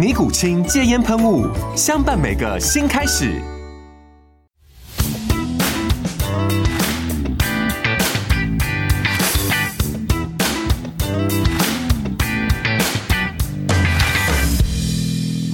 尼古清戒煙噴霧，相伴每個新開始。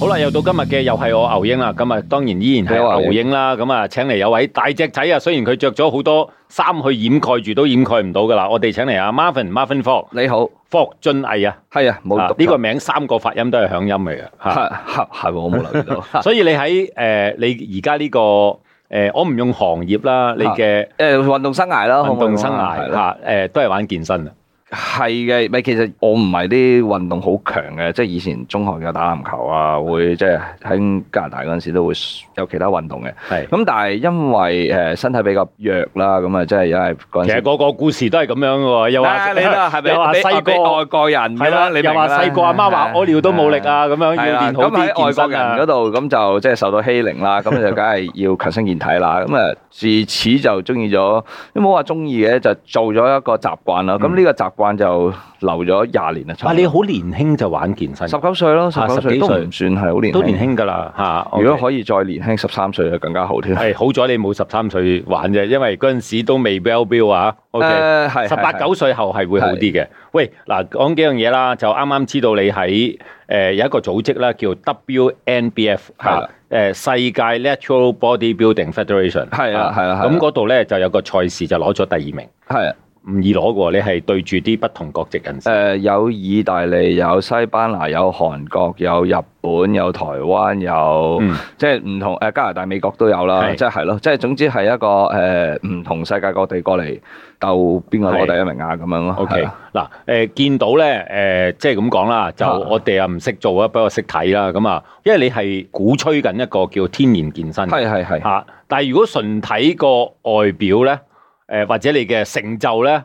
好啦，又到今日嘅，又係我牛英啦。咁啊，當然依然係牛英啦。咁、嗯、啊，嗯嗯、請嚟有位大隻仔啊。雖然佢着咗好多衫去掩蓋住，都掩蓋唔到噶啦。我哋請嚟啊，Marvin Marvin Fok，你好，霍俊毅啊。係啊，冇呢、啊呢個名三個發音，都係響音嚟嘅。嚇嚇係喎，我冇留意到。 所以你喺誒、呃，你而家呢個誒、呃，我唔用行業啦，你嘅誒運動生涯咯，運動生涯嚇誒，都係玩健身、啊。啊啊啊係嘅，咪其實我唔係啲運動好強嘅，即係以前中學有打籃球啊，會即係喺加拿大嗰陣時都會有其他運動嘅。係咁的，但係因為誒身體比較弱啦，咁啊即係又係。其實個個故事都係咁樣嘅，又話、啊、你啦，係咪？又話細個外國人係啦，的你又話細個阿媽話屙尿都冇力啊，咁的樣要練好啲健身。咁喺、嗯、外國人嗰度咁就即係受到欺凌啦，咁就梗係要強身健體啦。咁啊 自此就中意咗，都冇話中意嘅，就做咗一個習慣咯。咁呢、嗯、個習慣就留咗廿年啦。啊，你好年輕就玩健身，十九歲咯，十九歲都唔算係好年輕，都年輕㗎啦。嚇，如果可以再年輕十三歲就更加好添。係好彩你冇十三歲玩啫，因為嗰陣時都未 b e l l b i l l 啊。O K，十八九歲後係會好啲嘅。喂，嗱，講幾樣嘢啦，就啱啱知道你喺誒有一個組織啦，叫 WNBF 嚇，誒世界 Natural Body Building Federation。係啊，係啊，咁嗰度咧就有個賽事就攞咗第二名。係啊。唔易攞嘅喎，你係對住啲不同國籍人士。誒，有意大利，有西班牙，有韓國，有日本，有台灣，有即係唔同誒加拿大、美國都有啦。即係係咯，即係總之係一個誒唔同世界各地過嚟鬥邊個攞第一名啊咁樣咯。OK，嗱誒見到咧誒，即係咁講啦，就我哋啊唔識做啊，不過識睇啦。咁啊，因為你係鼓吹緊一個叫天然健身，係係係吓。但係如果純睇個外表咧？誒、呃，或者你嘅成就咧？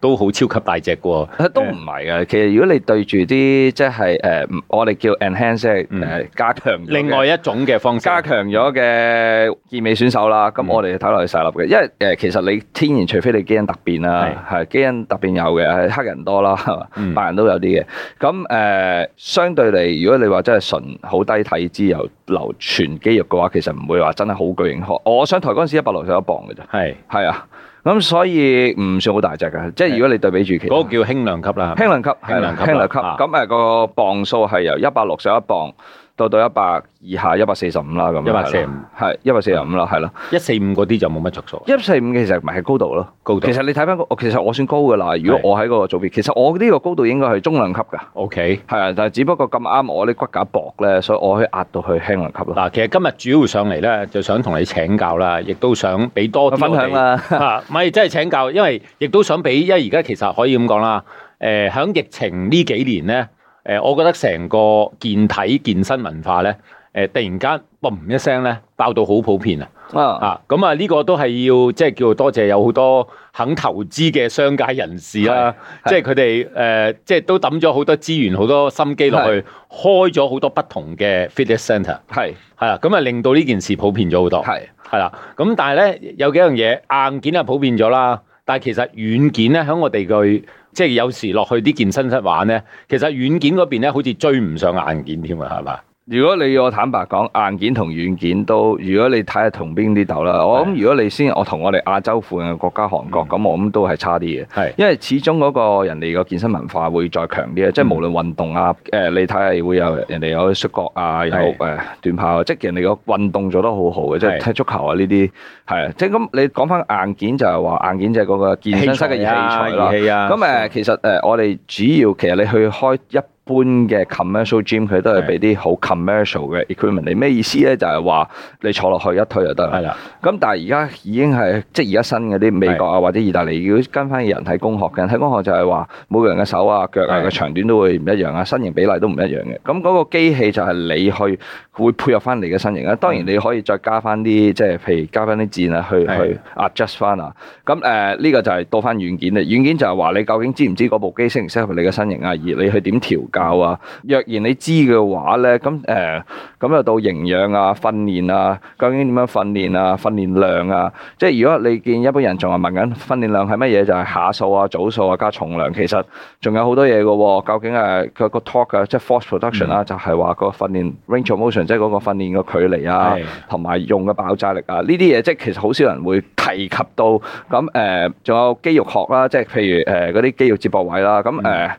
都好超級大隻嘅喎，都唔係啊。其實如果你對住啲即係誒，我哋叫 enhance 誒加強，另外一種嘅方式，加強咗嘅健美選手啦。咁我哋睇落去細粒嘅，因為誒其實你天然，除非你基因突變啦，係基因突變有嘅，係黑人多啦，白人都有啲嘅。咁誒，相對嚟，如果你話真係純好低體脂又留全肌肉嘅話，其實唔會話真係好巨型。我上台嗰陣時一百六十一磅嘅啫，係係啊。咁所以唔算好大隻嘅，即係如果你對比住其他，嗰個叫輕量級啦的，輕量級，輕量級，咁誒個磅數係由一百六十一磅。到到一百以下一百四十五啦，咁一百四十五係一百四十五啦，係咯，一四五嗰啲就冇乜着數。一四五其實咪係高度咯，高度。其實你睇翻我，其實我算高噶啦。如果我喺嗰個組別，其實我呢個高度應該係中量級噶。OK，係啊，但係只不過咁啱我啲骨架薄咧，所以我可以壓到去輕量級咯。嗱，其實今日主要上嚟咧，就想同你請教啦，亦都想俾多分享啊，唔係真係請教，因為亦都想俾，因為而家其實可以咁講啦，誒，喺疫情呢幾年咧。誒、呃，我覺得成個健體健身文化咧，誒、呃，突然間嘣一聲咧，爆到好普遍啊！啊，咁啊，呢個都係要即係叫多謝有好多肯投資嘅商界人士啦，即係佢哋誒，即係都抌咗好多資源、好多心機落去，是開咗好多不同嘅 fitness centre 是。係係啦，咁、嗯、啊，令到呢件事普遍咗好多。係係啦，咁、嗯、但係咧有幾樣嘢硬件就普遍咗啦，但係其實軟件咧喺我哋嘅。即係有時落去啲健身室玩咧，其實軟件嗰邊咧好似追唔上硬件添啊，係咪？如果你要我坦白講，硬件同軟件都，如果你睇下同邊啲鬥啦。是我諗如果你先，我同我哋亞洲附近嘅國家韓國，咁是我諗都係差啲嘅。係是，因為始終嗰個人哋個健身文化會再強啲啊。是即係無論運動啊，誒、呃，你睇下會有人哋有摔角啊，有誒短跑啊，即係人哋個運動做得好好嘅，是即係踢足球啊呢啲係。即係咁，你講翻硬件就係話硬件就係嗰個健身室嘅器材咯。咁誒，其實誒，其實我哋主要其實你去開一。般嘅 commercial gym 佢都係俾啲好 commercial 嘅 equipment 你。咩意思咧？就係話你坐落去一推就得啦。咁係啦，但係而家已經係即係而家新嗰啲美國啊，或者意大利要跟翻嘅人體工學嘅。人體工學就係話每個人嘅手啊腳啊嘅長短都會唔一樣啊，身形比例都唔一樣嘅。咁嗰個機器就係你去。會配合翻你嘅身形啊！當然你可以再加翻啲，即係譬如加翻啲箭啊，去的去 adjust 翻啊。咁誒呢個就係到翻軟件啦。軟件就係話你究竟知唔知嗰部機適唔適合你嘅身形啊？而你去點調校啊？若然你知嘅話咧，咁誒咁又到營養啊、訓練啊，究竟點樣訓練啊？訓練量啊？即係如果你見一般人仲係問緊訓練量係乜嘢，就係、是、下數啊、組數啊加重量，其實仲有好多嘢嘅喎。究竟誒、啊那個 talk 啊，即係 force production 啦、嗯，就係話個訓練 range of motion。即係嗰個訓練嘅距離啊，同埋的用嘅爆炸力啊，呢啲嘢即係其實好少人會提及到。咁誒，仲、呃、有肌肉學啦，即係譬如誒嗰啲肌肉接駁位啦。咁誒。呃嗯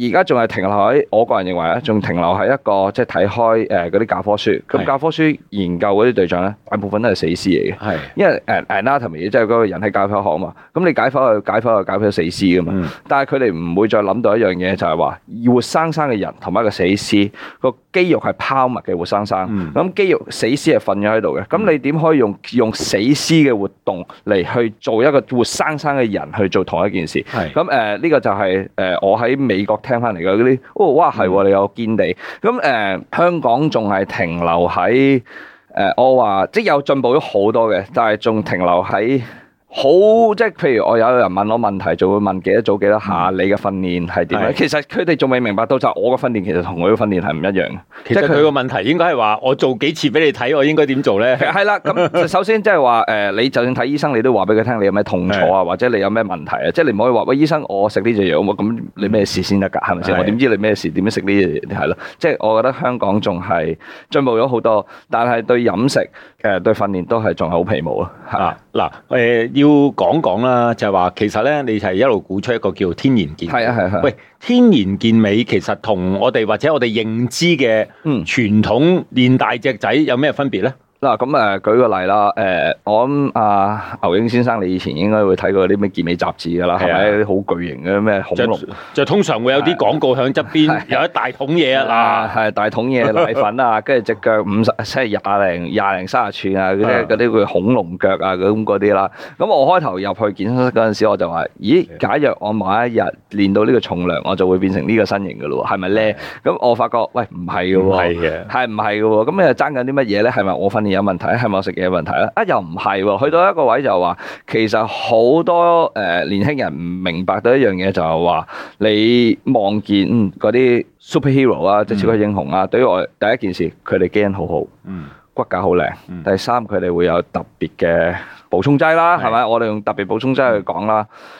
而家仲係停留喺我個人認為咧，仲停留喺一個即係睇開誒嗰啲教科書。咁教科書研究嗰啲對象咧，大部分都係死屍嚟嘅。是因為 Anatomy，即係嗰個人喺教科學啊嘛。咁你解剖去解剖去解剖死屍啊嘛。嗯、但係佢哋唔會再諗到一樣嘢，就係、是、話活生生嘅人同埋一個死屍個肌肉係拋物嘅活生生。咁、嗯、肌肉死屍係瞓咗喺度嘅。咁你點可以用用死屍嘅活動嚟去做一個活生生嘅人去做同一件事？咁誒呢個就係誒我喺美國。聽翻嚟嘅嗰啲，哦，哇，係喎，你有見地，咁誒、呃，香港仲係停留喺誒、呃，我話即有進步咗好多嘅，但係仲停留喺。好，即係譬如我有人問我問題，就會問幾多組幾多下，你嘅訓練係點咧？嗯、其實佢哋仲未明白到就係，我嘅訓練其實同佢嘅訓練係唔一樣。即係佢個問題應該係話我做幾次俾你睇，我應該點做咧？係啦是，咁 首先即係話誒，你就算睇醫生，你都話俾佢聽你有咩痛楚啊，是的 或者你有咩問題啊？即係你唔可以話喂，醫生，我食呢隻藥，是的 我咁你咩事先得噶？係咪先？我點知你咩事？點樣食呢嘢？係咯？即係我覺得香港仲係進步咗好多，但係對飲食。誒對訓練都係仲係好皮毛咯嚇嗱誒要講講啦，就係話其實咧，你係一路鼓吹一個叫天然健美係啊係係喂天然健美其實同我哋或者我哋認知嘅傳統練大隻仔有咩分別咧？嗱咁誒，舉個例啦，誒、欸，我諗阿、啊、牛英先生你以前應該會睇過啲咩健美雜誌噶啦，係咪、啊？啲好巨型嘅咩恐龍就？就通常會有啲廣告喺側邊，啊、有一大桶嘢啊，係大桶嘢奶粉啊，跟住隻腳五十即係廿零廿零卅寸啊，嗰啲嗰啲叫恐龍腳啊，嗰啲啦。咁我開頭入去健身室嗰陣時，我就話，咦，假若我某一日練到呢個重量，我就會變成呢個身型嘅咯，係咪咧？咁 我發覺，喂，唔係嘅喎，係唔係嘅喎？咁你爭緊啲乜嘢咧？係咪我訓練？有問題係咪？我食嘢有問題啦。啊，又唔係喎，去到一個位就話、是，其實好多誒、呃、年輕人唔明白一、就是、到一樣嘢，就係話你望見嗰啲 superhero 啊，即係超級英雄啊，嗯、對於我第一件事，佢哋基因好好，嗯、骨架好靚。第三，佢哋會有特別嘅補充劑啦，係咪、嗯？我哋用特別補充劑去講啦。嗯嗯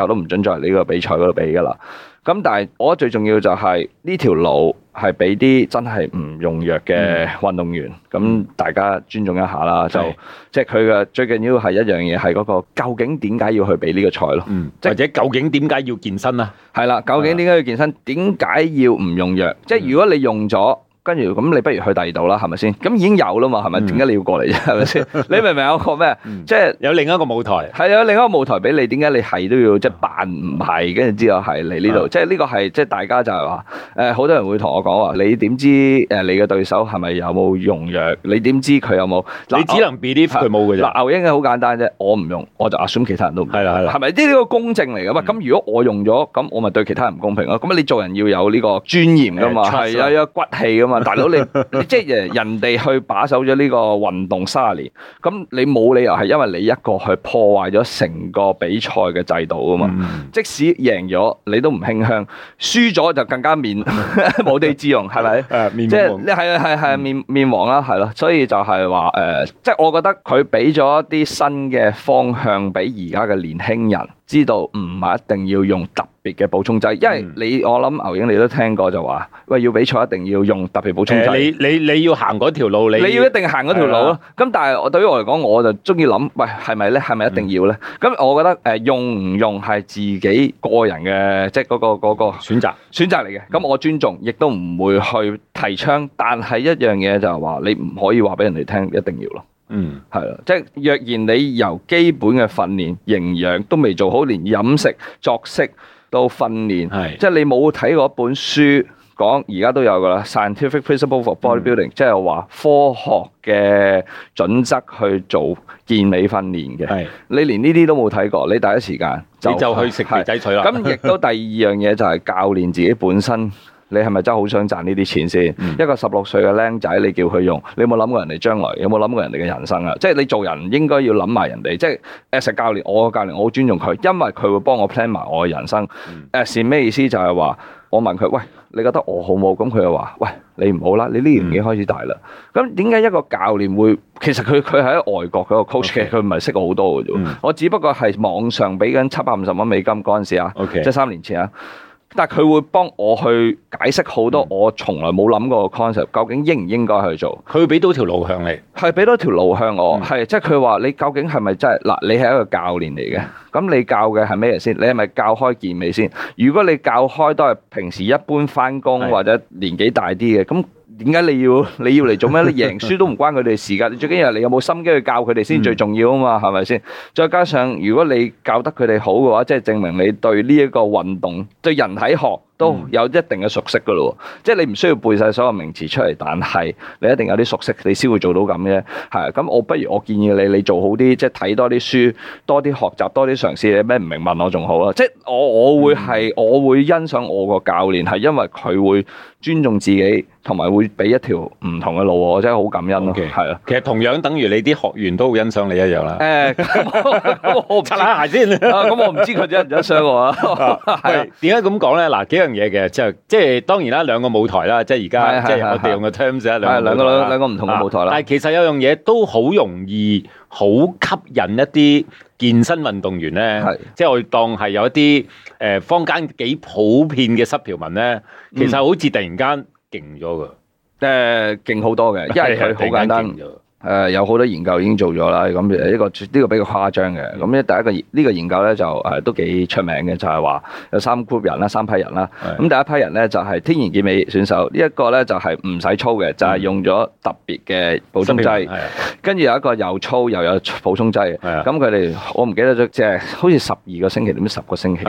都唔準再呢個比賽嗰度比噶啦。咁但係我最重要就係呢條路係俾啲真係唔用藥嘅運動員，咁大家尊重一下啦，就即係佢嘅最緊要係一樣嘢係嗰個究竟點解要去比呢個賽咯，或者究竟點解要健身啊？係啦，究竟點解要健身？點解要唔用藥？即係如果你用咗。跟住咁，你不如去第二度啦，係咪先？咁已經有啦嘛，係咪？點解你要過嚟啫？係咪先？你明唔明啊？個咩、嗯？即係是有另一個舞台。係啊，另一個舞台俾你。點解你係都要即係扮唔係？跟住之後係嚟呢度。即係呢個係即係大家就係話誒，好、呃、多人會同我講話，你點知誒你嘅對手係咪有冇用藥？你點知佢有冇？你只能 b e 佢冇嘅啫。牛英嘅好簡單啫，我唔用，我就阿 s 其他人都唔用。係啦係咪呢個公正嚟嘅嘛？咁、嗯、如果我用咗，咁我咪對其他人唔公平咯。咁你做人要有呢個尊嚴㗎嘛，係啊、嗯，有骨氣㗎。大佬你你即係人哋去把守咗呢個運動卅年，咁你冇理由係因為你一個去破壞咗成個比賽嘅制度啊嘛。嗯、即使贏咗，你都唔傾向；輸咗就更加面 無地自容，係咪？誒子， 你是是是是是面即係係係係面面黃啦，係咯，所以就係話誒，即、呃、係、就是、我覺得佢俾咗一啲新嘅方向俾而家嘅年輕人。知道唔係一定要用特別嘅補充劑，因為你我諗牛英你都聽過就話，喂，要比賽一定要用特別補充劑。呃、你你你要行嗰條路，你你要一定行嗰條路咯。咁的但係我對於我嚟講，我就中意諗，喂係咪咧？係咪一定要咧？咁、嗯、我覺得誒用唔用係自己個人嘅，即係嗰個嗰、嗰個選擇選擇嚟嘅。咁我尊重，亦都唔會去提倡。嗯、但係一樣嘢就係話，你唔可以話俾人哋聽一定要咯。嗯，係咯，即係若然你由基本嘅訓練、營養都未做好，連飲食作息到訓練，係是即係你冇睇過一本書講，而家都有噶啦的，Scientific Principle for Body Building，嗯、即係話科學嘅準則去做健美訓練嘅，係的你連呢啲都冇睇過，你第一時間就你就去食肥仔水啦。咁亦都第二樣嘢就係教練自己本身。你係咪真係好想賺呢啲錢先？嗯、一個十六歲嘅僆仔，你叫佢用，你有冇諗過人哋將來？有冇諗過人哋嘅人生啊？即係你做人應該要諗埋人哋。即係 Ash 教練，我嘅教練，我好尊重佢，因為佢會幫我 plan 埋我嘅人生。Ash 咩、嗯、意思就？就係話我問佢，喂，你覺得我好冇？咁佢就話，喂，你唔好啦，你呢年紀開始大啦。咁點解一個教練會？其實佢佢喺外國嗰個 coach 嘅，佢唔係識我好多嘅啫。嗯、我只不過係網上俾緊七百五十蚊美金嗰陣時啊，即係三年前啊。但佢會幫我去解釋好多我從來冇諗過嘅 concept，究竟應唔應該去做？佢會俾到條路向你，係俾到條路向我，係、嗯、即係佢話你究竟係咪真係嗱？你係一個教練嚟嘅，咁你教嘅係咩先？你係咪教開健美先？如果你教開都係平時一般返工或者年紀大啲嘅咁。的點解你要你要嚟做咩？你贏輸都唔關佢哋事噶。你最緊要你有冇心機去教佢哋先最重要啊嘛？係咪先？再加上如果你教得佢哋好嘅話，即係證明你對呢一個運動對人體學都有一定嘅熟悉噶咯。即係、嗯、你唔需要背晒所有名詞出嚟，但係你一定有啲熟悉，你先會做到咁嘅。係咁，我不如我建議你，你做好啲，即係睇多啲書，多啲學習，多啲嘗試。咩唔明問我仲好啊？即係我我會係我會欣賞我個教練，係因為佢會尊重自己。同埋會俾一條唔同嘅路，我真係好感恩咯。係啊，其實同樣等於你啲學員都好欣賞你一樣啦。誒，擦下鞋先。咁我唔知佢欣唔欣賞我啊。係點解咁講咧？嗱，幾樣嘢嘅，即係即係當然啦，兩個舞台啦，即係而家即係我哋用嘅 term 啫。係兩個兩個唔同嘅舞台啦。但係其實有樣嘢都好容易，好吸引一啲健身運動員咧，即係我當係有一啲誒坊間幾普遍嘅濕條文咧，其實好似突然間。勁咗㗎，誒，勁好、呃、多嘅，因為佢好簡單，誒、呃，有好多研究已經做咗啦，咁一個呢、這個比較誇張嘅，咁咧第一個呢、這個研究咧就誒都幾出名嘅，就係話、呃有，就是、有三 group 人啦，三批人啦，咁的第一批人咧就係天然健美選手，呢、這、一個咧就係唔使操嘅，就係、是、用咗特別嘅補充劑，跟住、嗯、有一個又操又有補充劑，咁佢哋我唔記得咗即係好似十二個星期定唔十個星期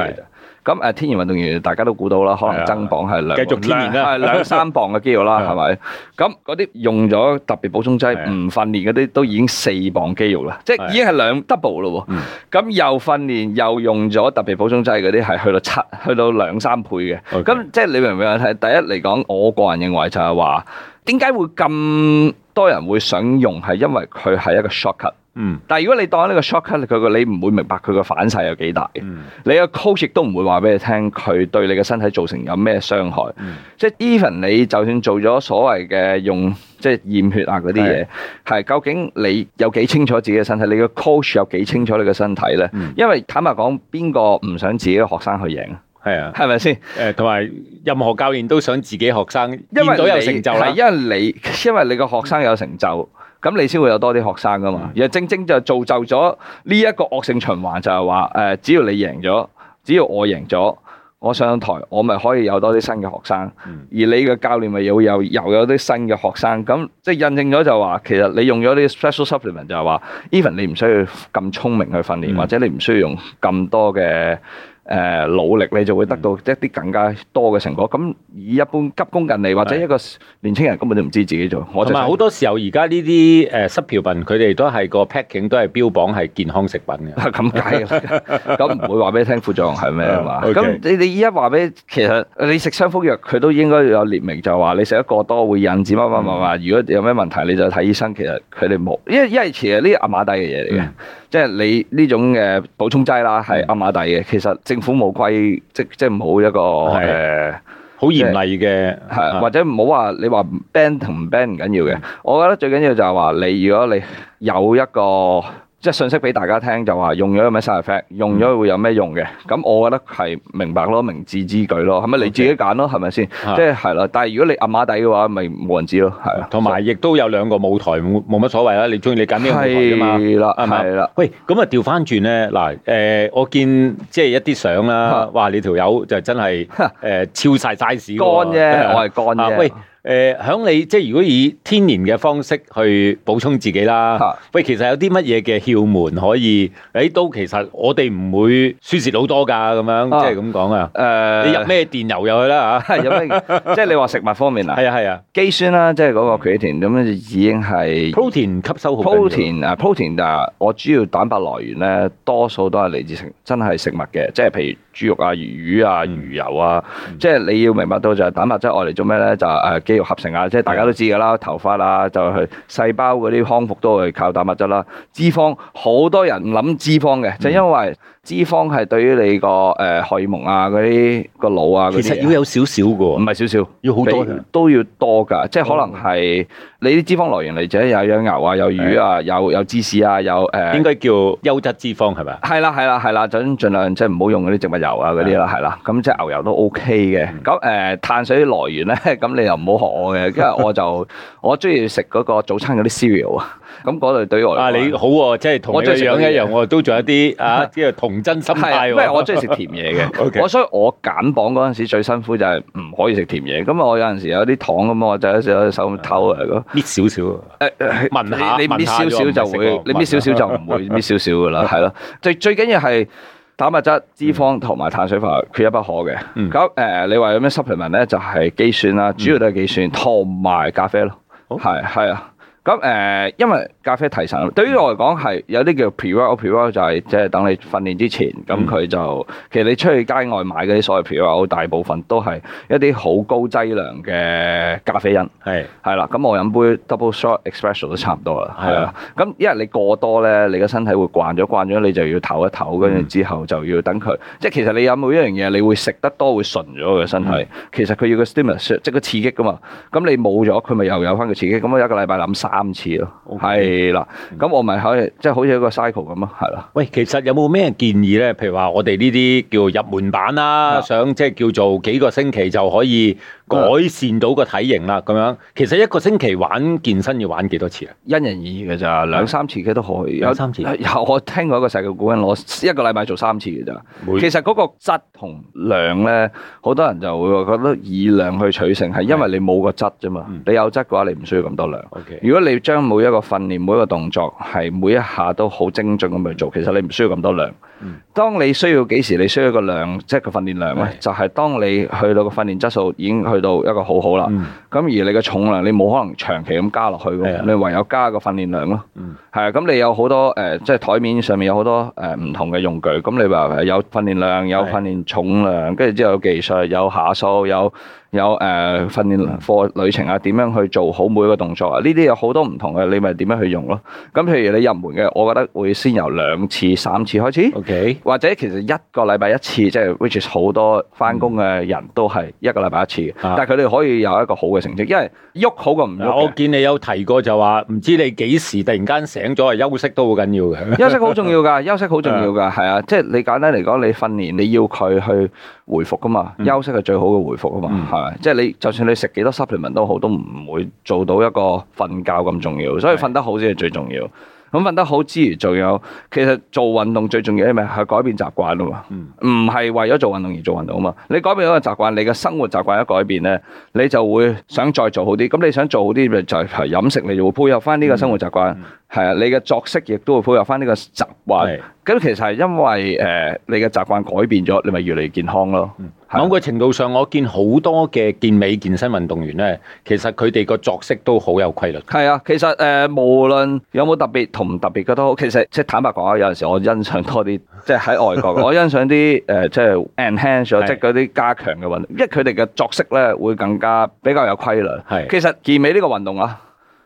咁誒天然運動員大家都估到啦，可能增磅係兩兩係兩三磅嘅肌肉啦，係咪？ 咁嗰啲用咗特別補充劑唔 訓練嗰啲，都已經四磅肌肉啦， 即係已經係兩 double 咯喎。咁、嗯、又訓練又用咗特別補充劑嗰啲，係去到七去到兩三倍嘅。咁 Okay. 即係你明唔明啊？第一嚟講，我個人認為就係話，點解會咁多人會想用？係因為佢係一個 shortcut。嗯，但係如果你當呢個 shortcut，佢個你唔會明白佢個反噬有幾大。嗯、你個 coach 亦都唔會話俾你聽，佢對你嘅身體造成有咩傷害。嗯、即係 even 你就算做咗所謂嘅用，即係驗血啊嗰啲嘢，係的究竟你有幾清楚自己嘅身體？你個 coach 有幾清楚你嘅身體咧？嗯、因為坦白講，邊個唔想自己學生去贏？係啊的，係咪先？誒、呃，同埋任何教練都想自己學生見到有成就啦，因為你因為你個學生有成就。嗯嗯咁你先會有多啲學生噶嘛？而、嗯、正正就造就咗呢一個惡性循環就，就係話誒，只要你贏咗，只要我贏咗，我上台我咪可以有多啲新嘅學生，嗯、而你嘅教練咪又有又有啲新嘅學生。咁、嗯嗯、即係印證咗就話，其實你用咗啲 special supplement 就係話，even 你唔需要咁聰明去訓練，嗯、或者你唔需要用咁多嘅。誒努力，你就會得到一啲更加多嘅成果。咁以一般急功近利或者一個年青人根本就唔知自己做。同埋好多時候，而家呢啲誒濕條品，佢哋都係個 packing 都係標榜係健康食品嘅。係咁解嘅，咁唔會話俾你聽副作用係咩嘛？咁你你依家話俾其實你食傷風藥，佢都應該有列明，就係話你食得過多會引致乜乜乜乜。如果有咩問題，你就睇醫生。其實佢哋冇，因為因為其實呢啲阿馬帝嘅嘢嚟嘅，即係你呢種嘅補充劑啦，係阿馬帝嘅。其實。政府冇規，即即冇一個誒好的、呃、嚴厲嘅，的或者唔好話你話 ban 同唔 ban 唔緊要嘅。的我覺得最緊要就係話你，如果你有一個。即係信息俾大家聽，就話用咗有咩曬 effect，用咗會有咩用嘅。咁我覺得係明白咯，明智之舉咯，係咪你自己揀咯，係咪先？Okay. 即係係啦。但係如果你暗馬底嘅話，咪冇人知咯。係啊，同埋亦都有兩個舞台，冇乜所謂啦。你中意你揀咩舞台啊嘛。係啦，係啦。喂，咁啊調翻轉咧，嗱、呃，誒我見即係一啲相啦，哇！你條友就真係誒超晒晒市㗎。幹啫，我係幹啫。喂。誒，響你即係如果以天然嘅方式去補充自己啦。喂，其實有啲乜嘢嘅竅門可以？誒，都其實我哋唔會輸蝕好多噶，咁樣即係咁講啊。誒，你入咩電油入去啦？吓，有咩？即係你話食物方面啊？係啊係啊，肌酸啦，即係嗰個 creatine，咁樣已經係 protein 吸收好 protein 啊。protein 啊，我主要蛋白來源咧，多數都係嚟自食，真係食物嘅，即係譬如。豬肉啊、魚魚啊、魚油啊，即係、嗯、你要明白到就係蛋白質愛嚟做咩咧？就誒、是、肌肉合成啊，即、就、係、是、大家都知㗎啦。的頭髮啊，就係、是、細胞嗰啲康復都係靠蛋白質啦。脂肪好多人諗脂肪嘅，就是、因為脂肪係對於你個誒荷爾蒙啊、嗰啲個腦啊其實要有少少㗎喎，唔係少少，要好多都要多㗎，即、就、係、是、可能係你啲脂肪來源嚟者有有牛啊、有魚啊、的有有芝士啊、有誒，應該叫優質脂肪係咪啊？係啦，係啦，係啦，就儘量即係唔好用嗰啲植物油啊嗰啲啦，係啦，咁即係牛油都 OK 嘅。咁誒碳水來源咧，咁你又唔好學我嘅。因為我就我中意食嗰個早餐嗰啲 cereal 啊。咁嗰度對於我啊你好喎，即係同我一樣一樣我都仲有啲啊，啲童真心態喎。因為我中意食甜嘢嘅，我所以我減磅嗰陣時最辛苦就係唔可以食甜嘢。咁啊，我有陣時有啲糖咁，我就有有隻手咁偷啊。咯，搣少少誒，聞下，你搣少少就會，你搣少少就唔會搣少少噶啦，係咯。最最緊要係。蛋白質、脂肪同埋碳水化合物缺一不可嘅。咁、嗯呃、你話有咩 supplement 咧？就係、是、肌酸啦，主要都係肌酸同埋、嗯、咖啡咯。係係啊。咁誒、呃，因為。咖啡提神，對於我嚟講係有啲叫 pre-work pre-work 就係即係等你訓練之前，咁佢、嗯、就其實你出去街外買嗰啲所謂 pre-work 大部分都係一啲好高劑量嘅咖啡因，係係啦。咁我飲杯 double shot espresso 都差唔多啦，係啦的。咁因為你過多咧，你個身體會慣咗，慣咗你就要唞一唞，跟住之後就要等佢。即係其實你飲每一樣嘢，你會食得多會順咗個身體。嗯、其實佢要個 stimulus 即係個刺激㗎嘛。咁你冇咗，佢咪又有返個刺激。咁我一個禮拜諗三次咯，係 Okay.。啦，咁我咪可以，即係好似一個 cycle 咁咯，係啦。喂，其實有冇咩建議咧？譬如話我哋呢啲叫入門版啦，是的 想即係叫做幾個星期就可以。改善到個體型啦，咁樣其實一個星期玩健身要玩幾多次啊？因人而異嘅咋，2, 兩三次嘅都可以。有三次？有我聽過一個世界古人攞一個禮拜做三次嘅咋。哎、其實嗰個質同量咧，好多人就會覺得以量去取勝，係因為你冇個質啫嘛。你有質嘅話，你唔需要咁多量。O K、嗯。如果你將每一個訓練每一個動作係每一下都好精準咁去做，其實你唔需要咁多量。嗯。當你需要幾時你需要一個量，即、就、係、是、個訓練量咧，是就係當你去到個訓練質素已經去。到一個好好啦，咁、嗯、而你嘅重量你冇可能長期咁加落去，嘅你唯有加個訓練量咯，係啊、嗯，咁你有好多誒，即係台面上面有好多誒唔、呃、同嘅用具，咁你話有訓練量，有訓練重量，跟住之後有技術，有下數，有。有誒、呃、訓練課旅程啊，點樣去做好每個動作啊？呢啲有好多唔同嘅，你咪點樣去用咯？咁譬如你入門嘅，我覺得會先由兩次、三次開始。OK，或者其實一個禮拜一次，即係 which is 好多返工嘅人都係一個禮拜一次、啊、但係佢哋可以有一個好嘅成績，因為喐好過唔喐。我見你有提過就話，唔知你幾時突然間醒咗啊？休息都好緊要嘅。 休息好重要㗎，休息好重要㗎，係啊！即係你簡單嚟講，你訓練你要佢去回復㗎嘛，嗯、休息係最好嘅回復㗎嘛。嗯即係你，就算你食幾多 supplement 都好，都唔會做到一個瞓覺咁重要，所以瞓得好先係最重要。咁瞓的得好之餘，仲有，其實做運動最重要係咪係改變習慣啊嘛。唔係、嗯、為咗做運動而做運動啊嘛。你改變咗個習慣，你嘅生活習慣一改變咧，你就會想再做好啲。咁你想做好啲咪就係、是、飲食，你就會配合翻呢個生活習慣。係啊、嗯嗯，你嘅作息亦都會配合翻呢個習慣。嗯嗯咁其實係因為誒、呃、你嘅習慣改變咗，你咪越嚟越健康咯。某個程度上，我見好多嘅健美健身運動員咧，其實佢哋個作息都好有規律。係啊，其實誒、呃、無論有冇特別同唔特別嘅都好，其實即係坦白講啊，有陣時我欣賞多啲 即係喺外國，我欣賞啲誒、呃、即係 enhance 咗 即係嗰啲加強嘅運動，因為佢哋嘅作息咧會更加比較有規律。係，其實健美呢個運動啊。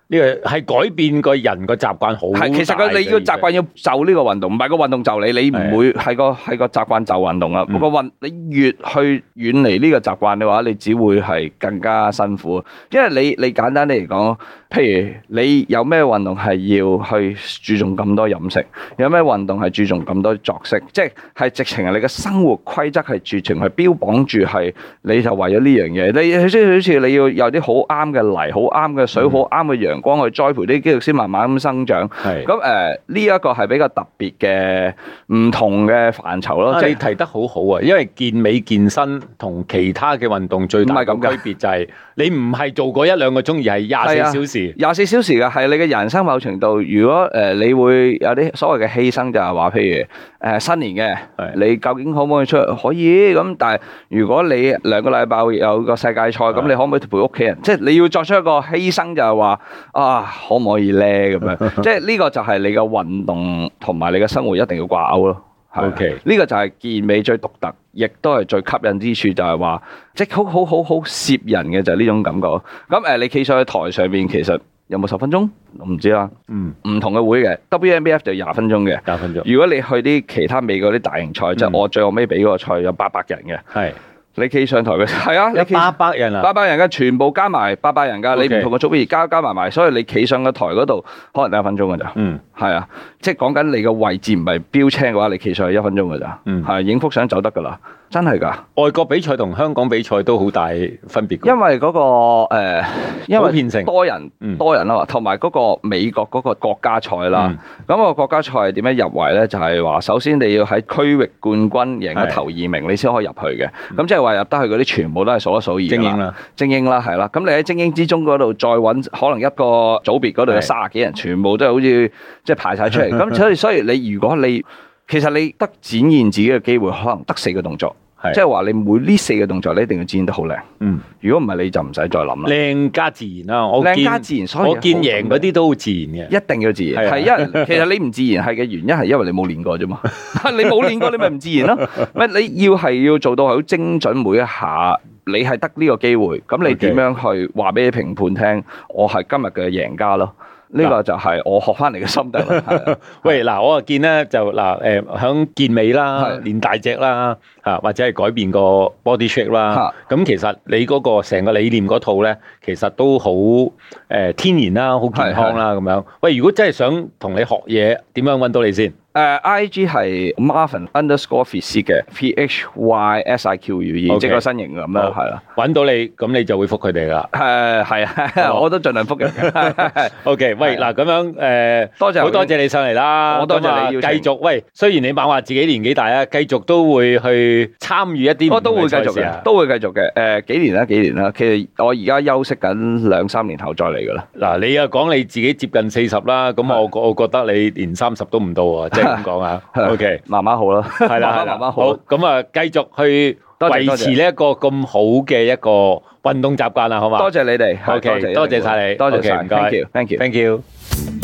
呢個係改變個人個習慣，好係。其實個你要習慣要就呢個運動，唔係個運動就你，你唔會係個係的個習慣就運動啊。個運、嗯、你越去遠離呢個習慣嘅話，你只會係更加辛苦。因為你你簡單啲嚟講。譬如你有咩運動係要去注重咁多飲食？有咩運動係注重咁多作息？即係直情係你嘅生活規則係，直情係標榜住係，你就為咗呢樣嘢，你即係好似你要有啲好啱嘅泥、好啱嘅水、好啱嘅陽光去栽培啲肌肉，先慢慢咁生長。係咁誒，呢一個係比較特別嘅唔同嘅範疇咯。即係你提得好好啊，因為健美健身同其他嘅運動最大嘅區別就係、是。你唔係做過一兩個鐘，而係廿四小時。廿四小時嘅係、啊、你嘅人生某程度。如果誒你會有啲所謂嘅犧牲，就係話譬如誒、呃、新年嘅，是的 你究竟可唔可以出去？可以咁。但係如果你兩個禮拜有個世界賽，咁是的 你可唔可以陪屋企人？是的 即係你要作出一個犧牲，就係話啊，可唔可以呢？」咁樣即係呢個就係你嘅運動同埋你嘅生活一定要掛鈎咯。OK，呢個就係健美最獨特，亦都係最吸引之處，就係、是、話即係好好好好攝人嘅就係、是、呢種感覺。咁誒、呃，你企上去台上面，其實有冇十分鐘？我唔知啊。嗯，唔同嘅會嘅，WNBF 就廿分鐘嘅。廿分鐘。如果你去啲其他美國啲大型賽，即係、嗯、我最後尾畀嗰個賽有八百人嘅，係。.你企上台嘅係啊，你企上，八百人啊，八百人嘅全部加埋八百人㗎，Okay. 你唔同個組別加加埋埋，所以你企上個台嗰度可能一分鐘㗎咋。嗯，係啊，即係講緊你個位置唔係標青嘅話，你企上去一分鐘㗎咋。嗯，係影幅相就得㗎啦。真係噶！外國比賽同香港比賽都好大分別。因為嗰、那個、呃、因為多人、嗯、多人咯，同埋嗰個美國嗰個國家賽啦。咁個、嗯、國家賽係點樣入圍呢？就係、是、話首先你要喺區域冠軍贏咗頭二名，的你先可以入去嘅。咁即係話入得去嗰啲全部都係數一數二，精英啦，精英啦，係啦。咁你喺精英之中嗰度再揾，可能一個組別嗰度三十幾人，的嗯、全部都係好似即係排晒出嚟。咁所以所以你如果你其實你得展現自己嘅機會，可能得四個動作，即係話你每呢四個動作你一定要展現得好靚。嗯，如果唔係你就唔使再諗啦。靚加自然啦，啊，我靚加自然，所以我見贏嗰啲都好自然嘅。一定要自然，係一的其實你唔自然係嘅原因係因為你冇練過啫嘛。 你冇練過你咪唔自然咯。你要係要做到好精準每一下，你係得呢個機會，咁你點樣去話俾你評判聽我？我係今日嘅贏家咯。呢個就係我學翻嚟嘅心得。 喂，嗱，我啊、呃、見咧就嗱，誒，響健美啦，練大隻啦，吓或者係改變個 body shape 啦。咁的其實你嗰個成個理念嗰套咧，其實都好誒、呃、天然啦，好健康啦，咁的樣。喂，如果真係想同你學嘢，點樣搵到你先？誒，I G 係 Marvin underscore Physique 嘅 P H Y S I Q 語言，即個身形咁咯，係啦。揾到你，咁你就會覆佢哋啦。誒，係啊，我都盡量覆人嘅。O K，喂，嗱咁樣，誒，多謝好多謝你上嚟啦，我多謝你。要繼續，喂，雖然你猛話自己年紀大啊，繼續都會去參與一啲，我都會繼續嘅，都會繼續嘅。誒，幾年啦，幾年啦，其實我而家休息緊兩三年後再嚟噶啦。嗱，你又講你自己接近四十啦，咁我我覺得你連三十都唔到啊，咁講啊，OK，媽媽好啦，係 啦，媽媽好。好，咁啊，繼續去維持呢一個咁好嘅一個運動習慣啊，好嘛 Okay,？多謝你哋，OK，多謝晒你，多謝晒，唔該，Thank you，Thank you。You.